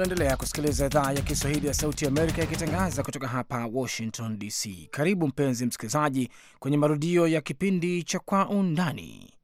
Tunaendelea kusikiliza idhaa ya Kiswahili ya Sauti Amerika ikitangaza kutoka hapa Washington DC. Karibu mpenzi msikilizaji, kwenye marudio ya kipindi cha Kwa Undani.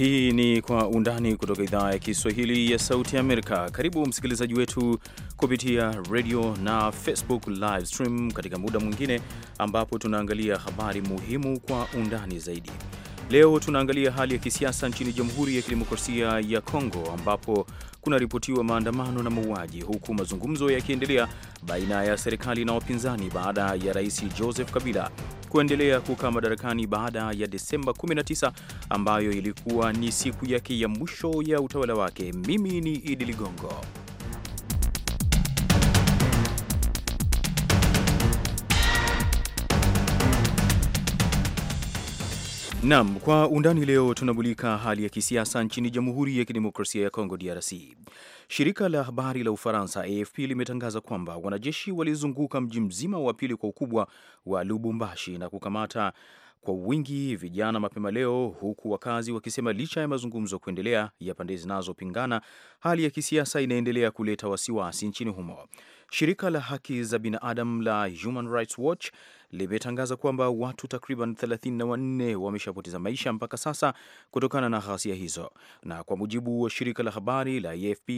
Hii ni Kwa Undani kutoka idhaa ya Kiswahili ya Sauti Amerika. Karibu msikilizaji wetu kupitia radio na Facebook live stream katika muda mwingine ambapo tunaangalia habari muhimu kwa undani zaidi. Leo tunaangalia hali ya kisiasa nchini Jamhuri ya Kidemokrasia ya Kongo ambapo kunaripotiwa maandamano na mauaji, huku mazungumzo yakiendelea baina ya serikali na wapinzani baada ya Rais Joseph Kabila kuendelea kukaa madarakani baada ya Desemba 19 ambayo ilikuwa ni siku yake ya mwisho ya utawala wake. Mimi ni Idi Ligongo. Naam, kwa undani leo tunamulika hali ya kisiasa nchini Jamhuri ya Kidemokrasia ya Kongo DRC. Shirika la habari la Ufaransa AFP limetangaza kwamba wanajeshi walizunguka mji mzima wa pili kwa ukubwa wa Lubumbashi na kukamata kwa wingi vijana mapema leo, huku wakazi wakisema licha ya mazungumzo kuendelea ya pande zinazopingana, hali ya kisiasa inaendelea kuleta wasiwasi nchini humo. Shirika la haki za binadamu la Human Rights Watch limetangaza kwamba watu takriban 34 wameshapoteza maisha mpaka sasa kutokana na ghasia hizo, na kwa mujibu wa shirika la habari la AFP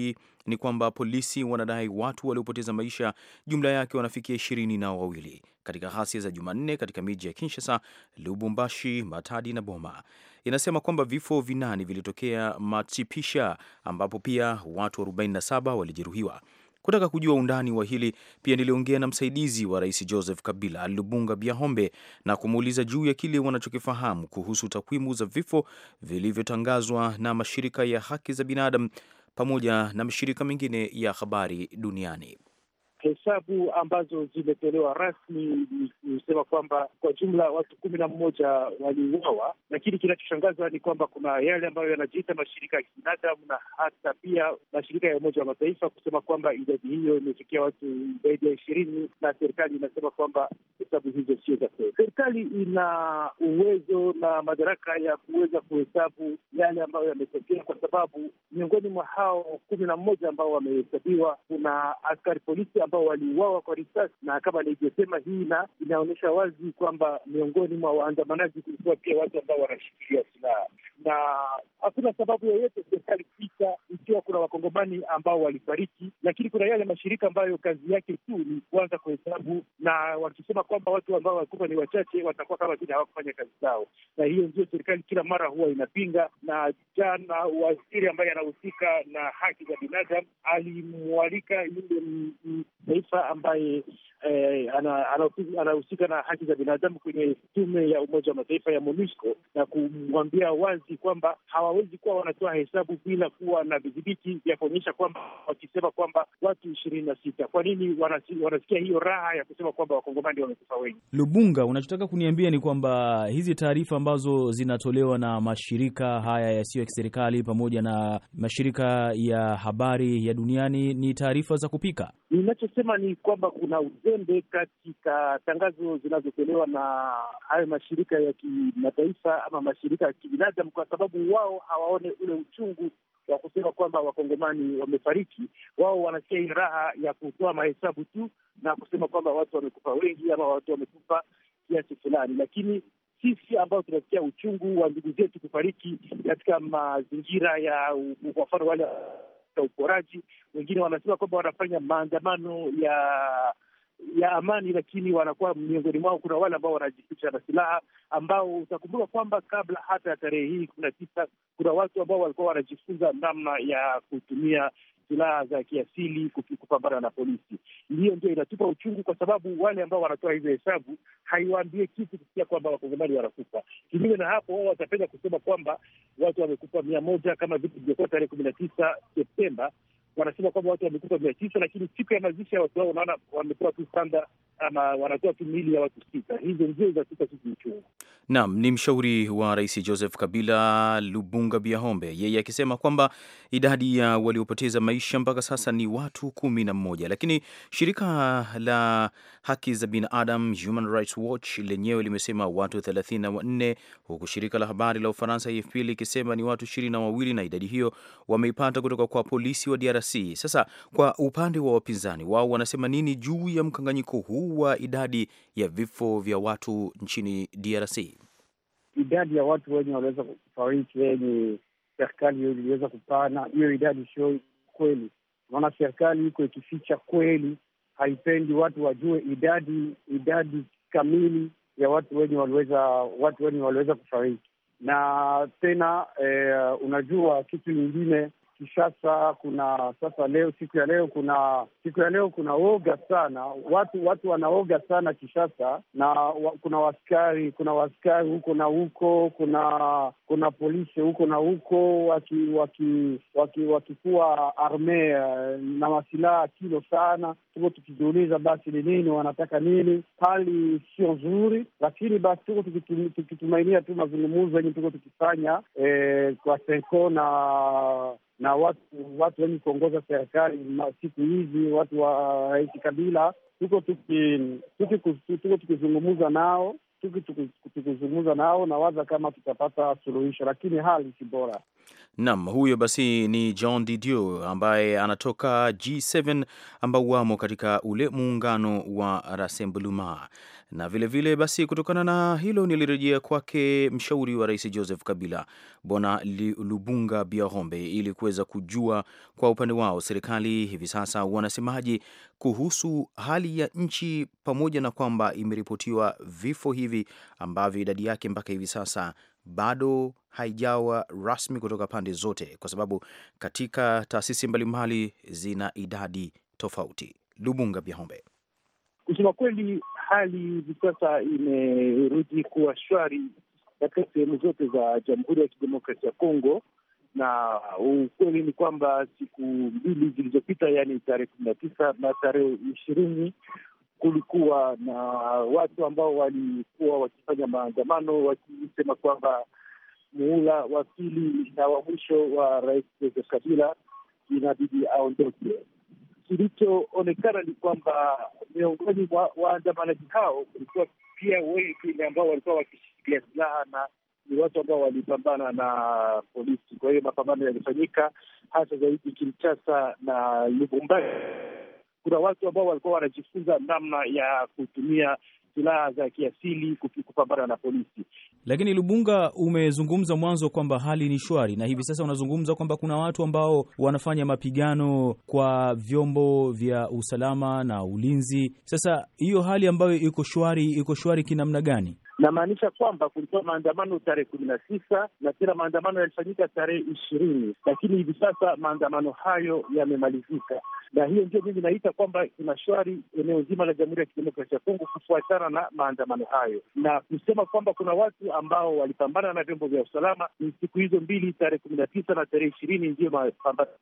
ni kwamba polisi wanadai watu waliopoteza maisha jumla yake wanafikia ishirini na wawili katika ghasia za Jumanne katika miji ya Kinshasa, Lubumbashi, Matadi na Boma. Inasema kwamba vifo vinane vilitokea matipisha ambapo pia watu 47 walijeruhiwa. Kutaka kujua undani wa hili pia niliongea na msaidizi wa rais Joseph Kabila Lubunga Biahombe na kumuuliza juu ya kile wanachokifahamu kuhusu takwimu za vifo vilivyotangazwa na mashirika ya haki za binadamu pamoja na mashirika mengine ya habari duniani. Hesabu ambazo zimetolewa rasmi ni kusema kwamba kwa jumla watu kumi na mmoja waliuawa, lakini kinachoshangaza ni kwamba kuna yale ambayo yanajiita mashirika ya kibinadamu na hata pia mashirika ya Umoja wa Mataifa kusema kwamba idadi hiyo imefikia watu zaidi ya ishirini, na serikali inasema kwamba hesabu hizo sio za kweli. Serikali ina uwezo na madaraka ya kuweza kuhesabu yale ambayo yametokea, kwa sababu miongoni mwa hao kumi na mmoja ambao wamehesabiwa kuna askari polisi ambao waliuawa kwa risasi, na kama alivyosema, hii na inaonyesha wazi kwamba miongoni mwa waandamanaji kulikuwa pia watu ambao wanashikilia silaha, na hakuna sababu yoyote serikali sita, ikiwa kuna wakongomani ambao walifariki, lakini kuna yale mashirika ambayo kazi yake tu ni kuanza kuhesabu, na wakisema kwamba watu ambao walikuwa ni wachache watakuwa kama vile hawakufanya kazi zao, na hiyo ndio serikali kila mara huwa inapinga. Na jana waziri ambaye anahusika na haki za binadamu alimwalika yule taifa ambaye eh, anahusika ana, ana na haki za binadamu kwenye tume ya Umoja wa Mataifa ya MONUSCO na kumwambia wazi kwamba hawawezi kuwa wanatoa hesabu bila kuwa na vidhibiti vya kuonyesha kwamba wakisema kwamba watu ishirini na sita, kwa nini wanasikia hiyo raha ya kusema kwamba wakongomani wamekufa wengi? Lubunga, unachotaka kuniambia ni kwamba hizi taarifa ambazo zinatolewa na mashirika haya yasiyo ya kiserikali pamoja na mashirika ya habari ya duniani ni taarifa za kupika? Ninacho anachosema ni kwamba kuna uzembe katika tangazo zinazotolewa na hayo mashirika ya kimataifa ama mashirika ya kibinadamu, kwa sababu wao hawaone ule uchungu wa kusema kwamba wakongomani wamefariki. Wao wanasikia hii raha ya kutoa mahesabu tu na kusema kwamba watu wamekufa wengi ama watu wamekufa kiasi fulani, lakini sisi ambao tunasikia uchungu wa ndugu zetu kufariki katika mazingira ya, kwa mfano wale cha uporaji. Wengine wanasema kwamba wanafanya maandamano ya ya amani, lakini wanakuwa miongoni mwao kuna wale ambao wanajificha na silaha, ambao utakumbuka kwamba kabla hata ya tarehe hii kumi na tisa kuna watu ambao walikuwa wanajifunza namna ya kutumia silaha za kiasili kupambana na polisi. Hiyo ndio inatupa uchungu, kwa sababu wale ambao wanatoa hizo hesabu haiwaambie kitu kusikia kwamba wakongomani wanakufa. Kinyume na hapo, wao watapenda kusema kwamba watu wamekufa mia moja kama vitu vilivyokuwa tarehe kumi na tisa Septemba wanasema kwamba watu wamekufa mia tisa, lakini siku ya mazishi ya watu hao unaona wamekuwa tu sanda ama wanatoa tu mili ya watu sita. Hizo ndio zinatupa sisi uchungu. Naam, ni mshauri wa Rais Joseph Kabila Lubunga Biahombe, yeye akisema kwamba idadi ya waliopoteza maisha mpaka sasa ni watu kumi na mmoja, lakini shirika la haki za binadamu Human Rights Watch lenyewe limesema watu thelathini na wanne huku shirika la habari la Ufaransa AFP likisema ni watu ishirini na wawili na idadi hiyo wameipata kutoka kwa polisi wa DRC DRC. Sasa kwa upande wa wapinzani, wao wanasema nini juu ya mkanganyiko huu wa idadi ya vifo vya watu nchini DRC? Idadi ya watu wenye waliweza kufariki, wenye serikali iliweza kupana hiyo idadi sio kweli, maana serikali iko ikificha kweli, haipendi watu wajue idadi idadi kamili ya watu wenye waliweza watu wenye waliweza kufariki na tena eh, unajua kitu kingine Kishasa kuna sasa, leo siku ya leo kuna siku ya leo kuna woga sana, watu watu wanaoga sana Kishasa na wa, kuna waskari kuna waskari huko na huko, kuna kuna polisi huko na huko, wakikuwa waki, waki, waki arme eh, na masilaha kilo sana, tuko tukijiuliza basi ni nini wanataka nini? Hali sio nzuri, lakini basi tuko tukitumainia tu mazungumuzo yenye tuko tukifanya eh, kwa senko na na watu watu wenye kuongoza serikali siku hizi, watu wa Rais Kabila, tuko tuko tukizungumza nao tukizungumza nao na waza kama tutapata suluhisho, lakini hali si bora. Naam, huyo basi ni John Didio ambaye anatoka G7 ambao wamo katika ule muungano wa Rassemblement na vilevile vile basi, kutokana na hilo nilirejea kwake mshauri wa rais Joseph Kabila Bwana Lubunga Biahombe ili kuweza kujua kwa upande wao serikali hivi sasa wanasemaje kuhusu hali ya nchi, pamoja na kwamba imeripotiwa vifo hivi ambavyo idadi yake mpaka hivi sasa bado haijawa rasmi kutoka pande zote, kwa sababu katika taasisi mbalimbali zina idadi tofauti. Lubunga Biahombe Kusema kweli, hali hivi sasa imerudi kuwa shwari katika sehemu zote za Jamhuri ya Kidemokrasia ya Kongo, na ukweli ni kwamba siku mbili zilizopita, yaani tarehe kumi na tisa na tarehe ishirini kulikuwa na watu ambao walikuwa wakifanya maandamano wakisema kwamba muhula wa pili na wa mwisho wa Rais Joseph Kabila inabidi aondoke kilichoonekana ni kwamba miongoni mwa waandamanaji hao kulikuwa pia wengi ambao walikuwa wakishikilia silaha na ni watu ambao walipambana na polisi. Kwa hiyo mapambano yalifanyika hasa zaidi Kinshasa na Lubumbashi. Kuna watu ambao walikuwa wanajifunza namna ya kutumia silaha za kiasili kupambana na polisi. Lakini Lubunga, umezungumza mwanzo kwamba hali ni shwari, na hivi sasa unazungumza kwamba kuna watu ambao wanafanya mapigano kwa vyombo vya usalama na ulinzi. Sasa hiyo hali ambayo iko shwari, iko shwari kinamna gani? namaanisha kwamba kulikuwa maandamano tarehe kumi na tisa na tena maandamano yalifanyika tarehe ishirini lakini hivi sasa maandamano hayo yamemalizika, na hiyo ndio mimi naita kwamba kuna shwari eneo zima la Jamhuri ya Kidemokrasia ya Kongo kufuatana na maandamano hayo, na kusema kwamba kuna watu ambao walipambana na vyombo vya usalama ni siku hizo mbili, tarehe kumi na tisa na tarehe ishirini ndiyo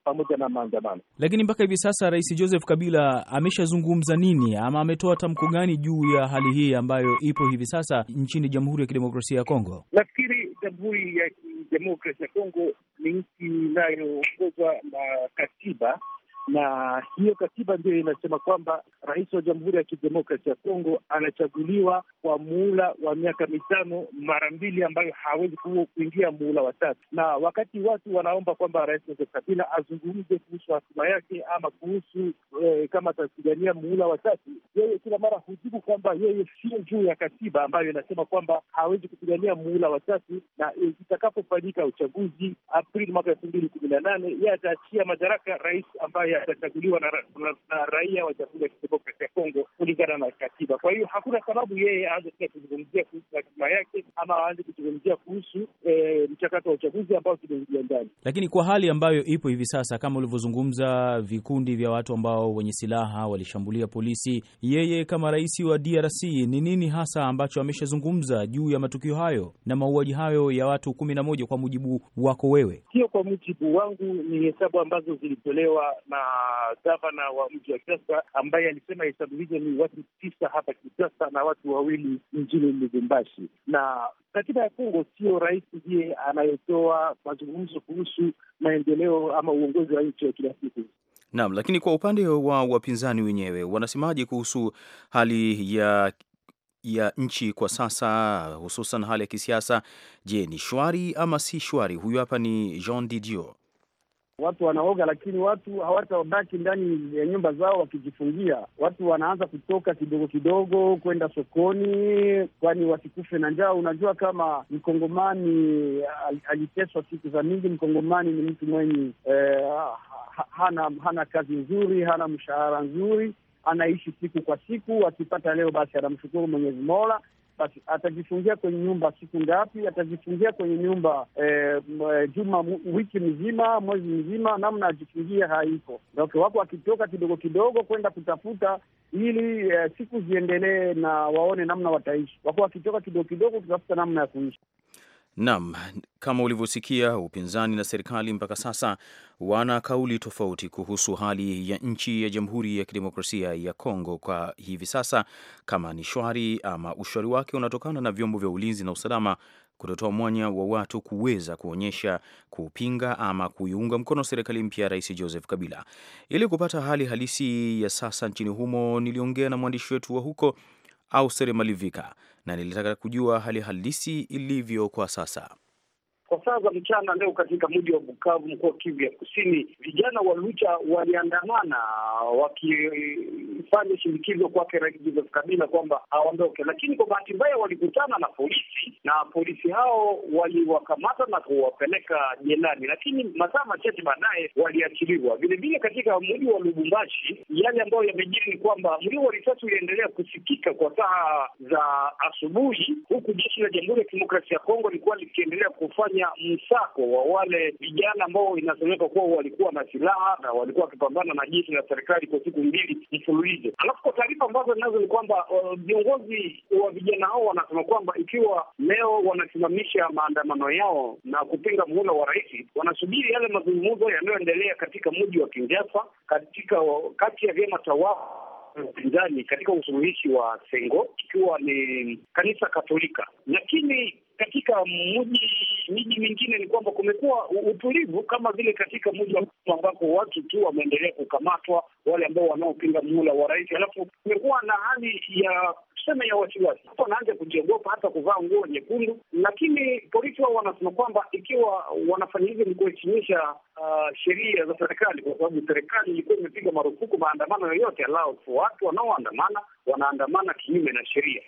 pamoja na maandamano. Lakini mpaka hivi sasa Rais Joseph Kabila ameshazungumza nini ama ametoa tamko gani juu ya hali hii ambayo ipo hivi sasa nchini Jamhuri ya Kidemokrasia ya Kongo? Nafikiri Jamhuri ya Kidemokrasia ya Kongo ni nchi inayoongozwa na katiba na hiyo katiba ndiyo inasema kwamba rais wa Jamhuri ya Kidemokrasi ya Kongo anachaguliwa kwa muhula wa miaka mitano mara mbili, ambayo hawezi kuingia muhula wa tatu. Na wakati watu wanaomba kwamba rais Joseph Kabila azungumze kuhusu hatima yake ama kuhusu eh, kama atapigania muhula wa tatu, yeye kila mara hujibu kwamba yeye sio juu ya katiba ambayo inasema kwamba hawezi kupigania muhula wa tatu, na eh, itakapofanyika uchaguzi Aprili mwaka elfu mbili kumi na nane yeye ataachia madaraka rais ambaye atachaguliwa na, na, na raia wa Jamhuri ya Kidemokrasia ya Kongo kulingana na katiba. Kwa hiyo hakuna sababu yeye aanze tena kuzungumzia kuhusu hatima yake ama aanze kuzungumzia kuhusu e, mchakato wa uchaguzi ambao tumeingia ndani. Lakini kwa hali ambayo ipo hivi sasa, kama ulivyozungumza, vikundi vya watu ambao wenye silaha walishambulia polisi, yeye kama rais wa DRC ni nini hasa ambacho ameshazungumza juu ya matukio hayo na mauaji hayo ya watu kumi na moja? Kwa mujibu wako wewe? Sio kwa mujibu wangu, ni hesabu ambazo zilitolewa na gavana wa mji wa Kinshasa ambaye alisema hesabu hizo ni watu tisa hapa Kinshasa na watu wawili mjini Lubumbashi. Na katiba ya Kongo sio rais ndiye anayetoa mazungumzo kuhusu maendeleo ama uongozi wa nchi wa kila siku. Naam, lakini kwa upande wa wapinzani wenyewe wanasemaje kuhusu hali ya ya nchi kwa sasa, hususan hali ya kisiasa? Je, ni shwari ama si shwari? Huyu hapa ni Jean Didio watu wanaoga, lakini watu hawatabaki ndani ya nyumba zao wakijifungia. Watu wanaanza kutoka kidogo kidogo kwenda sokoni, kwani wasikufe na njaa. Unajua, kama mkongomani aliteswa siku za mingi, mkongomani ni mtu mwenye eh, hana hana kazi nzuri, hana mshahara nzuri, anaishi siku kwa siku, akipata leo basi anamshukuru Mwenyezi Mola atajifungia kwenye nyumba siku ngapi? Atajifungia kwenye nyumba e, juma, wiki mzima, mwezi mzima, namna ajifungie haiko. Okay, wako wakitoka kidogo kidogo kwenda kutafuta ili e, siku ziendelee na waone namna wataishi. Wako wakitoka kidogo kidogo kutafuta namna ya kuishi. Naam, kama ulivyosikia, upinzani na serikali mpaka sasa wana kauli tofauti kuhusu hali ya nchi ya Jamhuri ya Kidemokrasia ya Kongo kwa hivi sasa, kama ni shwari ama ushwari wake unatokana na vyombo vya ulinzi na usalama kutotoa mwanya wa watu kuweza kuonyesha kupinga ama kuiunga mkono serikali mpya ya Rais Joseph Kabila. Ili kupata hali halisi ya sasa nchini humo, niliongea na mwandishi wetu wa huko au Malivika, na nilitaka kujua hali halisi ilivyo kwa sasa. Kwa saa za mchana leo katika mji wa Bukavu, mkoa wa Kivu ya Kusini, vijana wa Lucha waliandamana wakifanya shinikizo kwake Rais Joseph Kabila kwamba aondoke, lakini kwa bahati mbaya walikutana na polisi na polisi hao waliwakamata na kuwapeleka jelani, lakini masaa machache baadaye waliachiliwa. Vilevile katika mji wa Lubumbashi, yale ambayo yamejiri ni kwamba mlio wa risasi uliendelea kusikika kwa saa za asubuhi, huku jeshi la Jamhuri ya Kidemokrasia ya Kongo likuwa likiendelea kufanya kufanya msako wa wale vijana ambao inasemeka kuwa walikuwa na silaha na walikuwa wakipambana na jeshi la serikali kwa siku mbili mfululizo. Alafu kwa taarifa ambazo inazo ni kwamba uh, viongozi uh, wa vijana hao wanasema kwamba ikiwa leo wanasimamisha maandamano yao na kupinga muhula wa rais, wanasubiri yale mazungumzo yanayoendelea katika mji wa Kinshasa katika kati ya vyama tawala upinzani katika usuluhishi wa Sengo ikiwa ni kanisa Katolika, lakini katika mji miji mingine ni kwamba kumekuwa utulivu, kama vile katika mji wa ambapo watu tu wameendelea kukamatwa, wale ambao wanaopinga muhula wa rais. Alafu kumekuwa na hali ya tuseme ya wasiwasi, watu wanaanza kujiogopa hata kuvaa nguo nyekundu. Lakini polisi wao wanasema kwamba ikiwa wanafanya hivyo ni kuheshimisha uh, sheria za serikali, kwa sababu serikali ilikuwa imepiga marufuku maandamano yoyote, alafu watu wanaoandamana wanaandamana kinyume na sheria.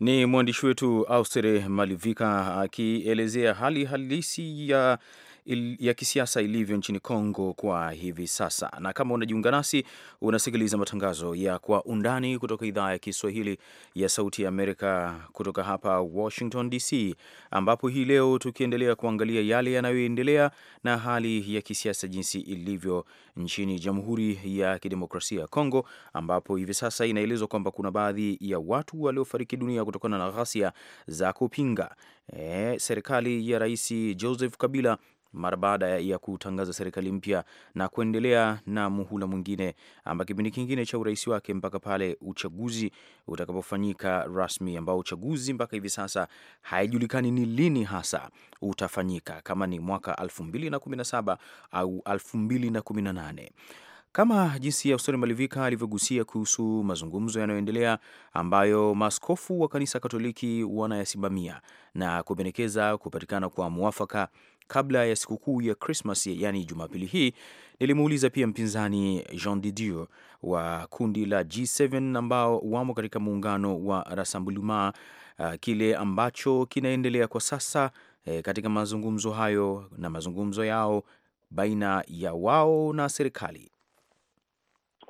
Ni mwandishi wetu Austere Malivika akielezea hali halisi ya il, ya kisiasa ilivyo nchini Kongo kwa hivi sasa. Na kama unajiunga nasi, unasikiliza matangazo ya Kwa Undani kutoka idhaa ya Kiswahili ya Sauti ya Amerika kutoka hapa Washington DC, ambapo hii leo tukiendelea kuangalia yale yanayoendelea na hali ya kisiasa jinsi ilivyo nchini Jamhuri ya Kidemokrasia ya Kongo, ambapo hivi sasa inaelezwa kwamba kuna baadhi ya watu waliofariki dunia kutokana na ghasia za kupinga e, serikali ya Rais Joseph Kabila mara baada ya kutangaza serikali mpya na kuendelea na muhula mwingine ama kipindi kingine cha urais wake mpaka pale uchaguzi utakapofanyika rasmi, ambao uchaguzi mpaka hivi sasa haijulikani ni lini hasa utafanyika, kama ni mwaka 2017 au 2018. Kama jinsi ya Ustori Malivika alivyogusia kuhusu mazungumzo yanayoendelea ambayo maskofu wa kanisa Katoliki wanayasimamia na kupendekeza kupatikana kwa mwafaka kabla ya sikukuu ya Krismas, yaani Jumapili hii, nilimuuliza pia mpinzani Jean Didier wa kundi la G7 ambao wamo katika muungano wa Rassemblement uh, kile ambacho kinaendelea kwa sasa eh, katika mazungumzo hayo na mazungumzo yao baina ya wao na serikali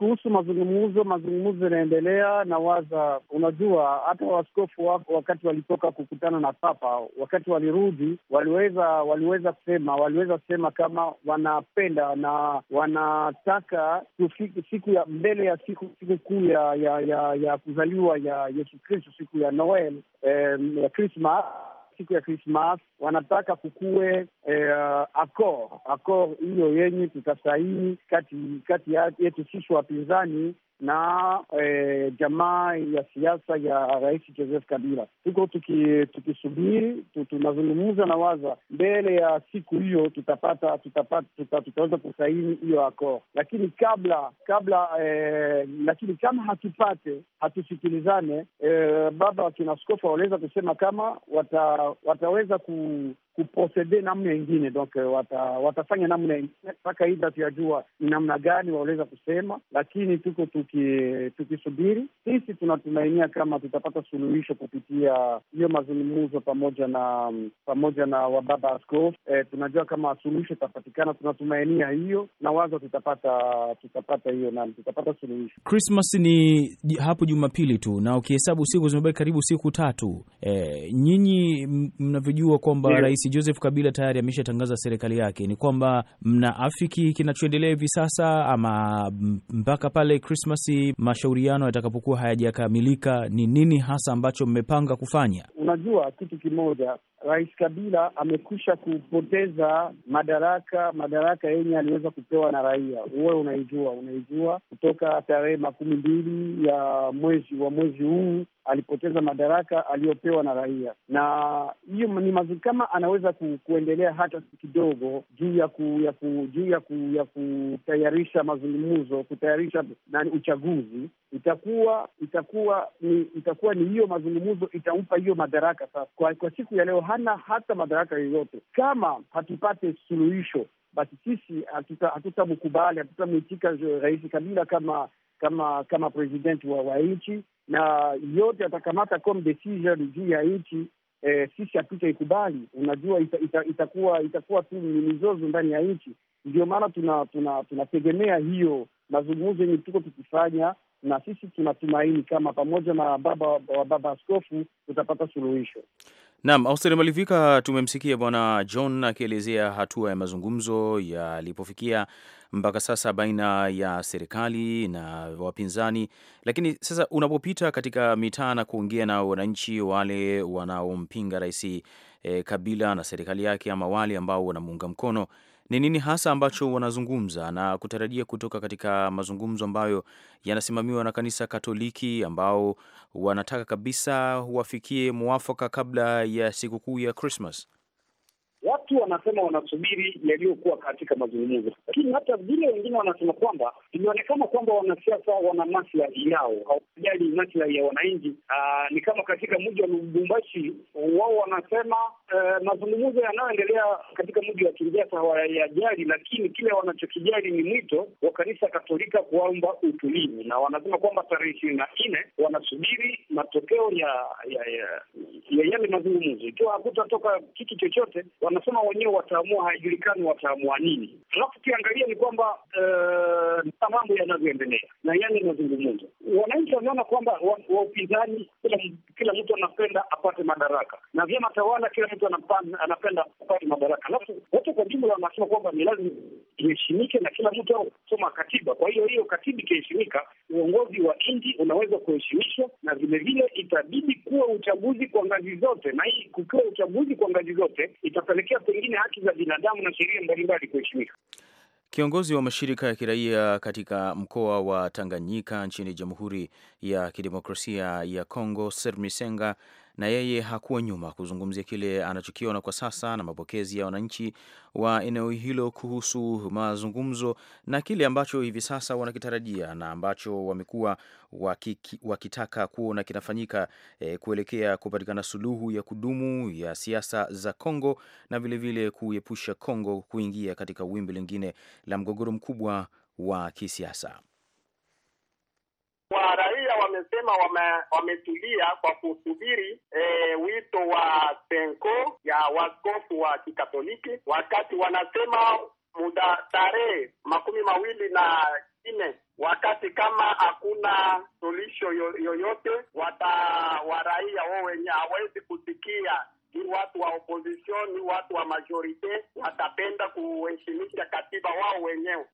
kuhusu mazungumzo, mazungumzo yanaendelea na waza. Unajua, hata waskofu wako wakati walitoka kukutana na Papa, wakati walirudi, waliweza waliweza kusema waliweza kusema kama wanapenda na wanataka tufike siku ya mbele ya siku siku kuu ya, ya, ya, ya kuzaliwa ya Yesu Kristo, siku ya Noel eh, ya Krismas siku ya Krismas wanataka kukuwe eh, accord accord hiyo yenye tutasaini kati kati yetu sisi wapinzani na eh, jamaa ya siasa ya Rais Joseph Kabila. Tuko tukisubiri tuki tunazungumza na waza mbele ya siku hiyo tutapata tutapata tuta, tutaweza kusaini hiyo akor, lakini kabla kabla eh, lakini kama hatupate hatusikilizane eh, baba wakinaskofu wanaweza kusema kama wata, wataweza ku kuprocede namna ingine, donc eh, wata, watafanya namna ingine mpaka hii hatuyajua ni namna gani waweza kusema, lakini tuko tukisubiri. Tuki sisi tunatumainia kama tutapata suluhisho kupitia hiyo mazungumzo pamoja na pamoja na wababa askofu. E, tunajua kama suluhisho itapatikana, tunatumainia hiyo na wazo tutapata tutapata hiyo na tutapata suluhisho. Christmas ni hapo Jumapili tu, na ukihesabu siku zimebaki karibu siku tatu. E, nyinyi mnavyojua kwamba yeah. Rais Rais Joseph Kabila tayari ameshatangaza serikali yake, ni kwamba mna afiki kinachoendelea hivi sasa ama mpaka pale Krismasi mashauriano yatakapokuwa hayajakamilika? Ni nini hasa ambacho mmepanga kufanya? Unajua kitu kimoja, Rais Kabila amekwisha kupoteza madaraka, madaraka yenye aliweza kupewa na raia. Uwe unaijua unaijua, kutoka tarehe makumi mbili ya mwezi wa mwezi huu alipoteza madaraka aliyopewa na raia, na hiyo ni mazuri kama anaweza ku, kuendelea hata kidogo juu ya ku, ya ku, juu ya ku, ya kutayarisha mazungumzo, kutayarisha uchaguzi, itakuwa itakuwa ni itakuwa ni hiyo mazungumzo itampa hiyo madaraka sasa kwa, kwa siku ya leo hana hata madaraka yoyote. Kama hatupate suluhisho, basi sisi hatutamkubali, hatutamwitika Rais Kabila kama kama kama presidenti wa, wa nchi, na yote atakamata comme decision juu ya nchi eh, sisi hatutaikubali. Unajua ita, ita, itakuwa itakuwa tu ni mizozo ndani ya nchi. Ndio maana tunategemea tuna, tuna hiyo mazungumzo yenye tuko tukifanya, na sisi tunatumaini kama pamoja na baba wa baba askofu tutapata suluhisho. Naam, Austeri Malivika, tumemsikia Bwana John akielezea hatua ya mazungumzo yalipofikia mpaka sasa baina ya serikali na wapinzani. Lakini sasa unapopita katika mitaa na kuongea na wananchi wale wanaompinga Rais e, Kabila na serikali yake ama wale ambao wanamuunga mkono ni nini hasa ambacho wanazungumza na kutarajia kutoka katika mazungumzo ambayo yanasimamiwa na kanisa Katoliki ambao wanataka kabisa wafikie mwafaka kabla ya sikukuu ya Christmas tu wanasema wanasubiri yaliyokuwa katika mazungumzo, lakini hata vile wengine wanasema kwamba imeonekana kwamba wanasiasa wana maslahi yao, hawajali maslahi ya wananchi. Ah, ni kama katika mji wa Lubumbashi, wao wanasema uh, mazungumzo yanayoendelea katika mji wa Kinshasa hawayajali, lakini kile wanachokijali ni mwito wa kanisa Katolika kuomba utulivu, na wanasema kwamba tarehe ishirini na nne wanasubiri matokeo ya ya, ya, ya yale mazungumzo. Ikiwa hakutatoka kitu chochote, wanasema kama wenyewe wataamua, haijulikani wataamua nini. Alafu ukiangalia ni kwamba uh, mambo yanavyoendelea na yale mazungumzo, wananchi wameona kwamba wa upinzani, kila mtu anapenda apate madaraka, na vyama tawala, kila mtu anapenda apate madaraka. Alafu watu kwa jumla wanasema kwamba ni lazima iheshimike na kila mtu au soma katiba. Kwa hiyo hiyo katiba ikiheshimika, uongozi wa nchi unaweza kuheshimishwa, na vilevile itabidi kuwa uchaguzi kwa ngazi zote, na hii kukiwa uchaguzi kwa ngazi zote itapelekea pengine haki za binadamu na sheria mbalimbali kuheshimika. Kiongozi wa mashirika ya kiraia katika mkoa wa Tanganyika nchini Jamhuri ya Kidemokrasia ya Kongo, Sermisenga na yeye hakuwa nyuma kuzungumzia kile anachokiona kwa sasa na mapokezi ya wananchi wa eneo hilo kuhusu mazungumzo na kile ambacho hivi sasa wanakitarajia na ambacho wamekuwa wakitaka kuona kinafanyika e, kuelekea kupatikana suluhu ya kudumu ya siasa za Kongo na vilevile kuepusha Kongo kuingia katika wimbi lingine la mgogoro mkubwa wa kisiasa wamesema wametulia kwa kusubiri e, wito wa senko ya waskofu wa Kikatoliki, wakati wanasema muda tarehe makumi mawili na nne wakati kama hakuna solisho yoyote waraia wao wenye hawezi kusikia ni watu wa opposition, ni watu wa majorite watapenda kuheshimisha katiba wao wenyewe.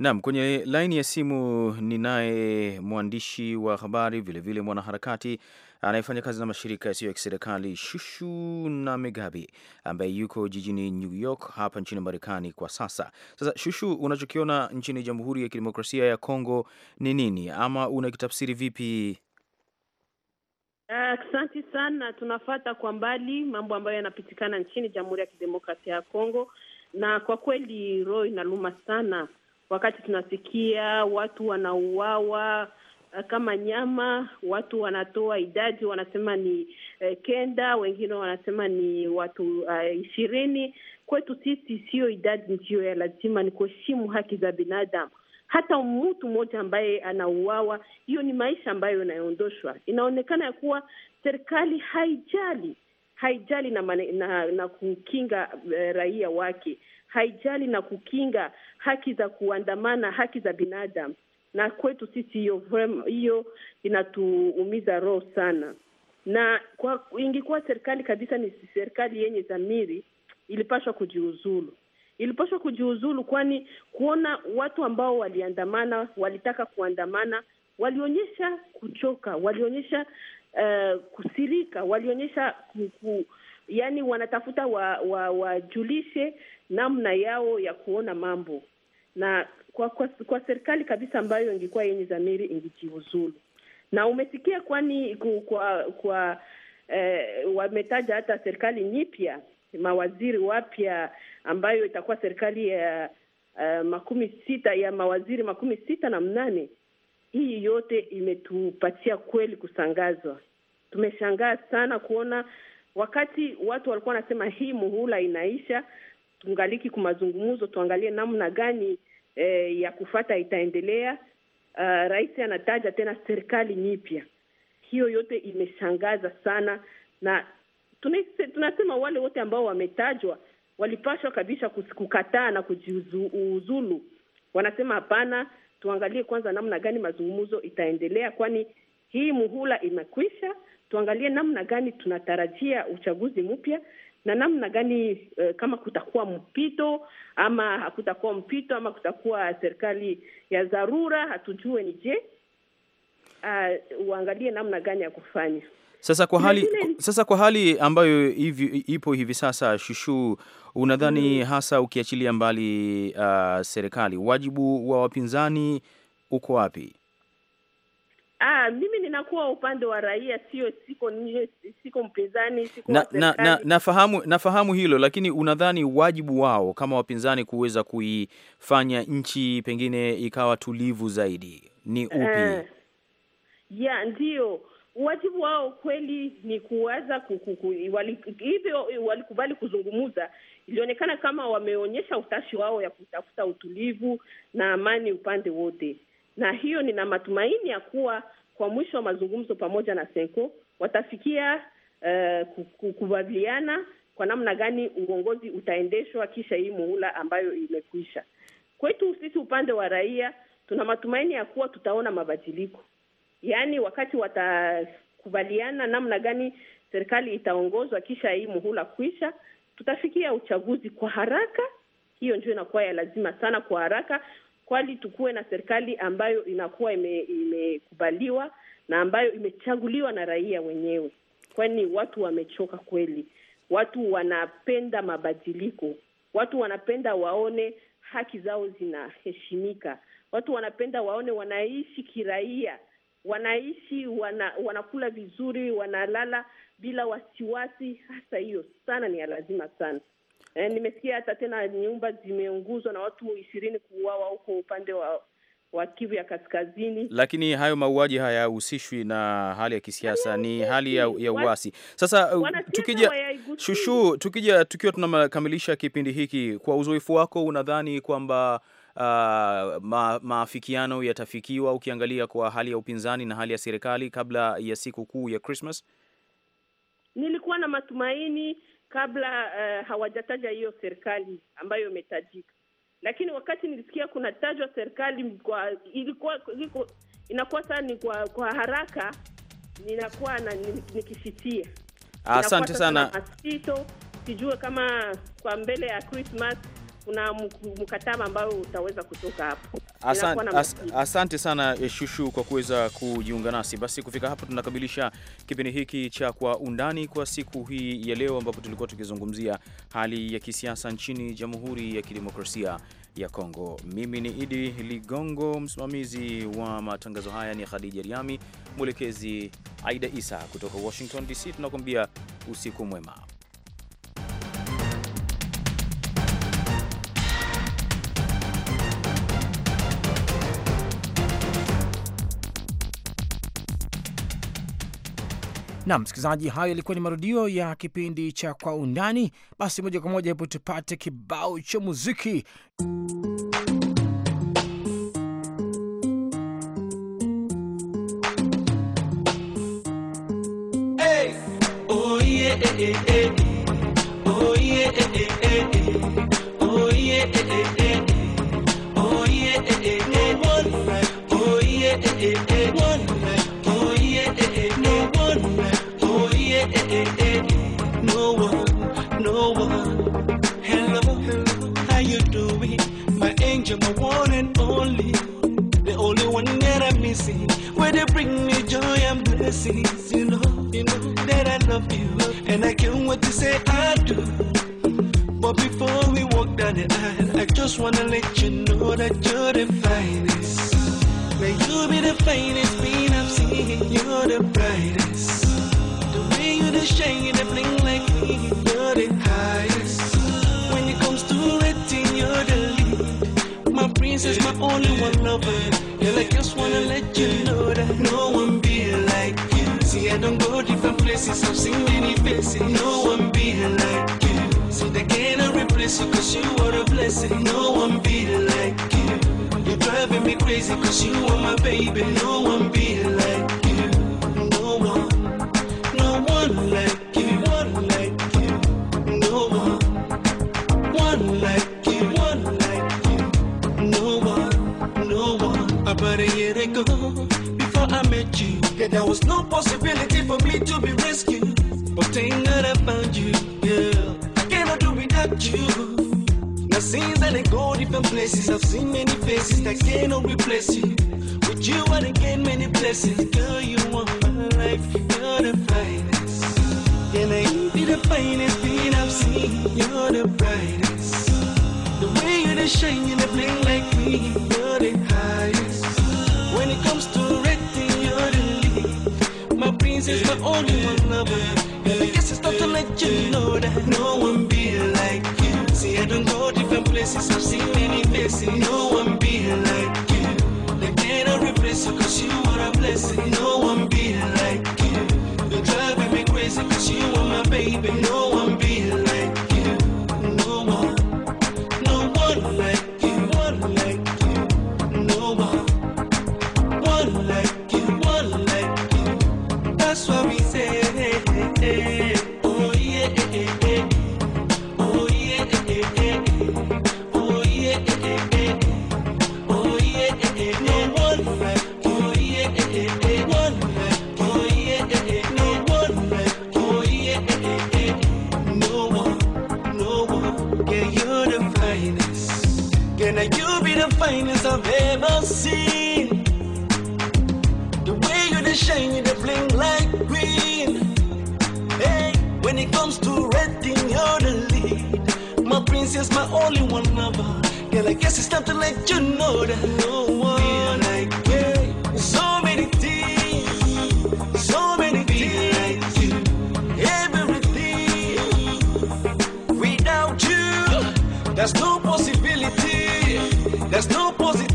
Naam, kwenye laini ya simu ninaye mwandishi wa habari vilevile mwanaharakati anayefanya kazi na mashirika yasiyo ya kiserikali Shushu na Megabi ambaye yuko jijini New York hapa nchini Marekani kwa sasa. Sasa Shushu, unachokiona nchini Jamhuri ya Kidemokrasia ya Kongo ni nini ama unakitafsiri vipi? Asante uh, sana. Tunafata kwa mbali mambo ambayo yanapitikana nchini Jamhuri ya Kidemokrasia ya Kongo, na kwa kweli roho inaluma sana wakati tunasikia watu wanauawa eh, kama nyama, watu wanatoa idadi, wanasema ni eh, kenda, wengine wanasema ni watu eh, ishirini. Uh, kwetu sisi siyo idadi ndiyo ya lazima, ni kuheshimu haki za binadamu. Hata mtu mmoja ambaye anauawa, hiyo ni maisha ambayo inayoondoshwa. Inaonekana ya kuwa serikali haijali haijali na, mani, na, na kukinga e, raia wake, haijali na kukinga haki za kuandamana, haki za binadamu. Na kwetu sisi hiyo hiyo inatuumiza roho sana, na kwa ingekuwa serikali kabisa ni serikali yenye dhamiri, ilipashwa kujiuzulu ilipashwa kujiuzulu, kwani kuona watu ambao waliandamana, walitaka kuandamana, walionyesha kuchoka, walionyesha Eh, kusirika, walionyesha kuku, yani wanatafuta wajulishe wa, wa namna yao ya kuona mambo na kwa, kwa, kwa serikali kabisa ambayo ingekuwa yenye dhamiri ingejiuzulu. Na umesikia kwani kwa, kwa eh, wametaja hata serikali nyipya mawaziri wapya ambayo itakuwa serikali ya uh, makumi sita ya mawaziri makumi sita na mnane hii yote imetupatia kweli kusangazwa. Tumeshangaa sana kuona wakati watu walikuwa wanasema hii muhula inaisha, tungaliki kumazungumzo, tuangalie namna gani eh, ya kufata itaendelea. Uh, rais anataja tena serikali nyipya. Hiyo yote imeshangaza sana, na tunasema wale wote ambao wametajwa walipashwa kabisa kukataa na kujiuzulu. Wanasema hapana, tuangalie kwanza namna gani mazungumzo itaendelea, kwani hii muhula imekwisha. Tuangalie namna gani tunatarajia uchaguzi mpya na namna gani e, kama kutakuwa mpito ama hakutakuwa mpito ama kutakuwa serikali ya dharura, hatujue ni je, uh, uangalie namna gani ya kufanya. Sasa kwa hali, sasa kwa hali ambayo hivi, ipo hivi sasa Shushu, unadhani mm-hmm. hasa ukiachilia mbali uh, serikali, wajibu wa wapinzani uko wapi? Ah, mimi ninakuwa upande wa raia, sio siko siko mpinzani, siko na, na, na, nafahamu nafahamu hilo, lakini unadhani wajibu wao kama wapinzani kuweza kuifanya nchi pengine ikawa tulivu zaidi ni upi? Uh, ya ndio, wajibu wao kweli ni kuweza hivyo walikubali kuzungumza. Ilionekana kama wameonyesha utashi wao ya kutafuta utulivu na amani upande wote, na hiyo nina matumaini ya kuwa kwa mwisho wa mazungumzo pamoja na Senko watafikia uh, eh, kubadiliana kwa namna gani uongozi utaendeshwa kisha hii muhula ambayo imekwisha. Kwetu sisi upande wa raia tuna matumaini ya kuwa tutaona mabadiliko yaani wakati watakubaliana namna gani serikali itaongozwa kisha hii muhula kuisha, tutafikia uchaguzi kwa haraka. Hiyo ndio inakuwa ya lazima sana, kwa haraka, kwani tukuwe na serikali ambayo inakuwa imekubaliwa ime na ambayo imechaguliwa na raia wenyewe, kwani watu wamechoka kweli. Watu wanapenda mabadiliko, watu wanapenda waone haki zao zinaheshimika, watu wanapenda waone wanaishi kiraia wanaishi wana, wanakula vizuri, wanalala bila wasiwasi. Hasa hiyo sana ni ya lazima sana. E, nimesikia hata tena nyumba zimeunguzwa na watu ishirini kuuawa huko upande wa wa Kivu ya kaskazini. Lakini hayo mauaji hayahusishwi na hali ya kisiasa, ni hali ya, ya uasi. Sasa uh, tukija shushu, tukija tukiwa tunakamilisha kipindi hiki, kwa uzoefu wako unadhani kwamba uh, ma, maafikiano yatafikiwa ukiangalia kwa hali ya upinzani na hali ya serikali kabla ya siku kuu ya Christmas? Nilikuwa na matumaini kabla uh, hawajataja hiyo serikali ambayo imetajika, lakini wakati nilisikia kunatajwa serikali kwa ilikuwa inakuwa sana ni kwa, kwa haraka ninakuwa na nikifitia. Asante sana masito, sijue kama kwa mbele ya Christmas kuna mkataba ambao utaweza kutoka hapo. Asante, as, asante sana eh, Shushu kwa kuweza kujiunga nasi. Basi kufika hapo tunakamilisha kipindi hiki cha Kwa Undani kwa siku hii ya leo, ambapo tulikuwa tukizungumzia hali ya kisiasa nchini Jamhuri ya Kidemokrasia ya Kongo. Mimi ni Idi Ligongo, msimamizi wa matangazo haya ni Khadija Riami, mwelekezi Aida Isa kutoka Washington DC. Tunakuambia usiku mwema. na msikilizaji, hayo yalikuwa ni marudio ya kipindi cha Kwa Undani. Basi moja kwa moja, hepo tupate kibao cha muziki. Hey! Oh, yeah, yeah, yeah. But they bring me joy and blessings, you know, you know that I love you. And I can't wait to say I do. But before we walk down the aisle, I just wanna let you know that you're the finest. May you be the finest being I've seen, you're the brightest. The way you the shine, you the bling like me, you're the highest. When it comes to it, you're the lead. My princess, my only one lover. Girl, I just wanna let you know that no one be like you. See, I don't go different places, I've seen many faces. No one be like you. See, they cannot replace you, cause you are a blessing. No one be like you. You're driving me crazy, cause you are my baby. No one be like you. Yeah, there was no possibility for me to be rescued. But thank God I found you, girl. I cannot do without you. Now since I go different places, I've seen many faces that cannot replace you. With you, I done many blessings. Girl, you are my life. You're the finest. And you be the finest thing I've seen. You're the brightest. The way you are the you the bling like me. You're the highest. When it comes to things is the only one lover. And I guess it's time to let you know that no one be like you. See, I don't go different places, I've seen many faces. No one be like you. They cannot replace you, cause you are a blessing. No one be like you. You drive me crazy, cause you are my baby. No possibility. There's no possibility.